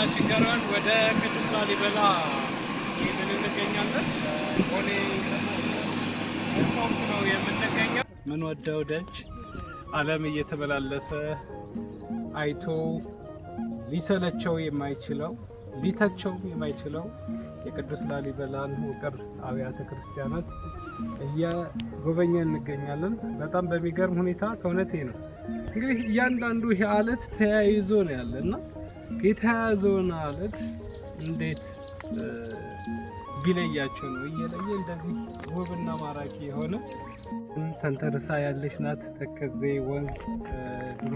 ጉዞአችን ገረን ወደ ቅዱስ ላሊበላ ይህንን እንገኛለን። ቦሌ ሆምክ ነው የምንገኘው። ምን ወደው ደጅ ዓለም እየተመላለሰ አይቶ ሊሰለቸው የማይችለው ሊተቸው የማይችለው የቅዱስ ላሊበላን ውቅር አብያተ ክርስቲያናት እየጎበኘ እንገኛለን። በጣም በሚገርም ሁኔታ ከእውነቴ ነው እንግዲህ እያንዳንዱ ይህ አለት ተያይዞ ነው ያለ እና የተያዘውን አለት እንዴት ቢለያቸው ነው? እየለየ እንደዚህ ውብና ማራኪ የሆነ ተንተርሳ ያለች ናት። ተከዜ ወንዝ ድሮ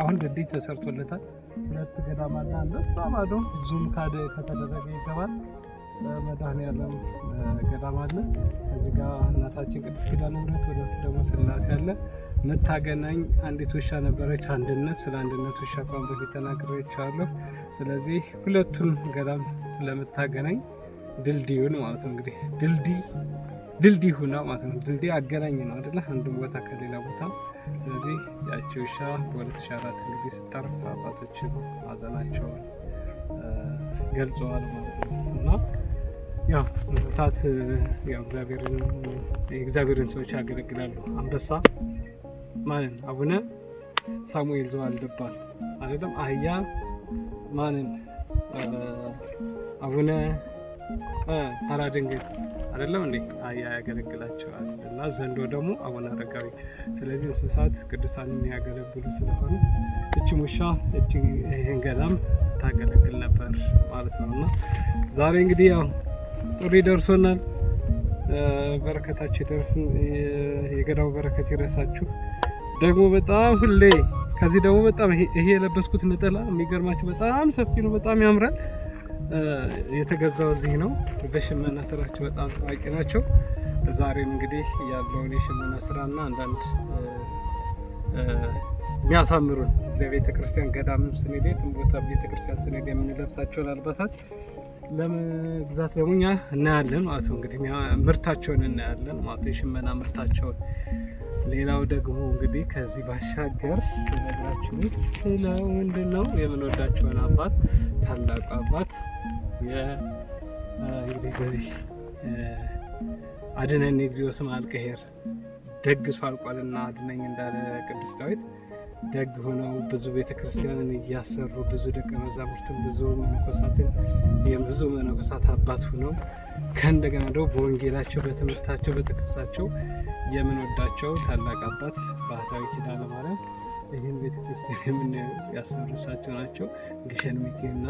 አሁን ድልድይ ተሰርቶለታል። ሁለት ገዳማ ገዳማና እንደዛ ማዶ ዙም ካደ ከተደረገ ይገባል። መድኃኔዓለም ገዳም አለ። እዚህ ጋር እናታችን ቅድስት ኪዳነ ምሕረት ወደ ደግሞ ስላሴ አለ። የምታገናኝ አንዲት ውሻ ነበረች፣ አንድነት። ስለ አንድነት ውሻ ቋን በፊት ተናግሬያቸዋለሁ። ስለዚህ ሁለቱን ገዳም ስለምታገናኝ ድልድዩን ማለት ነው እንግዲህ ድልድይ ድልድይ ሁና ማለት ነው። ድልድይ አገናኝ ነው አይደለ? አንዱን ቦታ ከሌላ ቦታ። ስለዚህ ያቺ ውሻ በ2004 እንግዲህ ስታርፍ አባቶችን ሐዘናቸውን ገልጸዋል ማለት ነው እና ያው እንስሳት የእግዚአብሔርን ሰዎች ያገለግላሉ። አንበሳ ማንን አቡነ ሳሙኤል ዘዋልድባን ማለትም አህያ ማንን አቡነ ታራ ድንግል አይደለም እንዴ አህያ ያገለግላቸዋል እና ዘንዶ ደግሞ አቡነ አረጋዊ። ስለዚህ እንስሳት ቅዱሳን የሚያገለግሉ ስለሆኑ እች ሙሻ እች ይህን ገዳም ስታገለግል ነበር ማለት ነው። እና ዛሬ እንግዲህ ያው ጥሪ ደርሶናል። በረከታችሁ ይደርስ፣ የገዳው በረከት ይረሳችሁ። ደግሞ በጣም ሁሌ ከዚህ ደግሞ በጣም ይሄ የለበስኩት ነጠላ የሚገርማችሁ በጣም ሰፊ ነው። በጣም ያምራል። የተገዛው እዚህ ነው። በሽመና ስራቸው በጣም ታዋቂ ናቸው። ዛሬም እንግዲህ ያለውን የሽመና ስራና አንዳንድ የሚያሳምሩን ለቤተ ክርስቲያን ገዳምም ስንሄድ ቦታ ቤተ ክርስቲያን ስንሄድ የምንለብሳቸውን አልባሳት ለመግዛት ደግሞ እኛ እናያለን ማለት ነው። እንግዲህ ምርታቸውን እናያለን ማለት የሽመና ምርታቸውን ሌላው ደግሞ እንግዲህ ከዚህ ባሻገር ነግራችሁ ስለ ምንድን ነው የምንወዳቸውን አባት ታላቅ አባት እንግዲህ በዚህ አድነን እግዚኦ ስም አልቀሄር ደግሶ አልቋልና አድነኝ እንዳለ ቅዱስ ዳዊት ደግ ሆነው ብዙ ቤተክርስቲያንን እያሰሩ ብዙ ደቀ መዛሙርትን ብዙ መነኮሳትን ብዙ መነኮሳት አባት ሆነው ከእንደገና ደግሞ በወንጌላቸው በትምህርታቸው በጥቅሳቸው የምንወዳቸው ታላቅ አባት ባህታዊ ኪዳነ ማርያም ይህን ቤተክርስቲያን የምናየው ያሰሩ ናቸው። ግሸን እና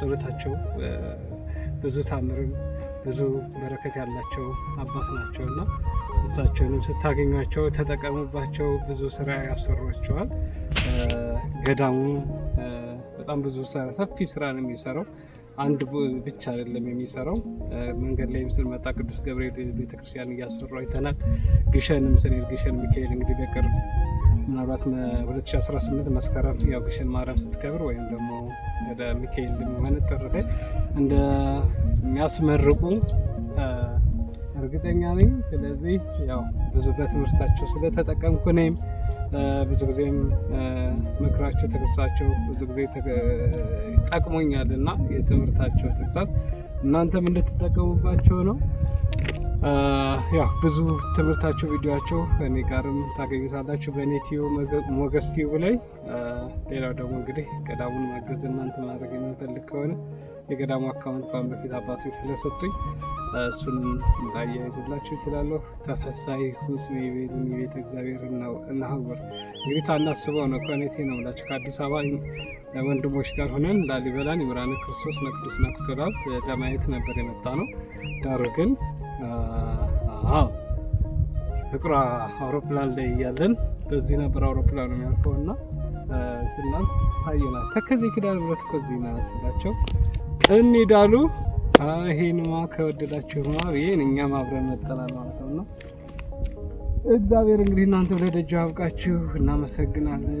ጸሎታቸው ብዙ ታምርም ብዙ በረከት ያላቸው አባት ናቸውና እሳቸውንም ስታገኟቸው ተጠቀሙባቸው። ብዙ ስራ ያሰሯቸዋል። ገዳሙ በጣም ብዙ ሰፊ ስራ ነው የሚሰራው። አንድ ብቻ አይደለም የሚሰራው። መንገድ ላይ ምስል መጣ ቅዱስ ገብርኤል ቤተክርስቲያን እያሰሩ አይተናል። ግሸን ምስል ግሸን ሚካኤል እንግዲህ በቅርብ ምናልባት 2018 መስከረም ያው ግሸን ማርያም ስትከብር ወይም ደግሞ ወደ ሚካኤል ሆነ ጥር እንደሚያስመርቁ እርግጠኛ ነኝ። ስለዚህ ያው ብዙ በትምህርታቸው ስለተጠቀምኩ እኔም ብዙ ጊዜም ምክራቸው፣ ተግሳቸው ብዙ ጊዜ ጠቅሞኛል እና የትምህርታቸው ተግሳት እናንተም እንድትጠቀሙባቸው ነው። ያው ብዙ ትምህርታቸው ቪዲዮቸው እኔ ጋርም ታገኙታላችሁ በኔቲዮ ቲዩ ሞገስ ላይ። ሌላው ደግሞ እንግዲህ ቀዳሙን ማገዝ እናንተ ማድረግ የምንፈልግ ከሆነ የገዳሙ አካውንት ባንክ በፊት አባቶች ስለሰጡኝ እሱን አያይዝላችሁ ይችላለሁ። ተፈሳይ ሁስሜ ቤት ቤተ እግዚአብሔር እናህውር እንግዲህ ሳናስበው ነው ኮኔቴ ነው ላቸው ከአዲስ አበባ ወንድሞች ጋር ሆነን ላሊበላን ይምራነ ክርስቶስ ነቅዱስ ናኩቶላል ለማየት ነበር የመጣ ነው። ዳሩ ግን ፍቅሯ አውሮፕላን ላይ እያለን በዚህ ነበር አውሮፕላኑ የሚያልፈው እና ስናል አየና ተከዜ ኪዳነ ምሕረት እኮ እዚህ ናት ስላቸው እንሂዳሉ። ይሄንማ ከወደዳችሁማ ይሄን እኛም አብረን መጠናል ማለት ነው እና እግዚአብሔር እንግዲህ እናንተ ለደጃ አብቃችሁ እናመሰግናለን።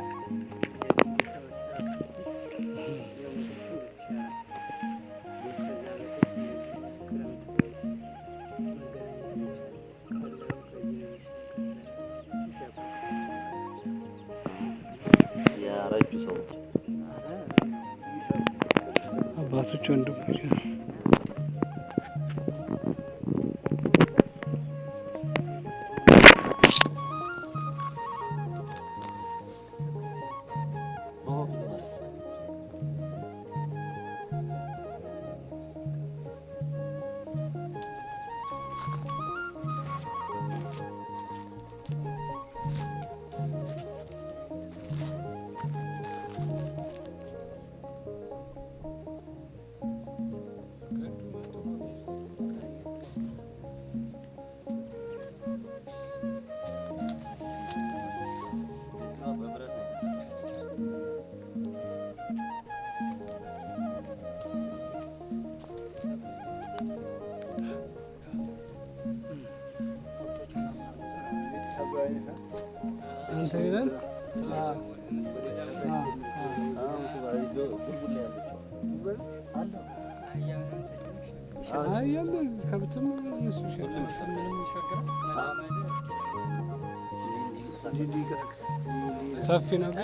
ከብትም ሰፊ ነው።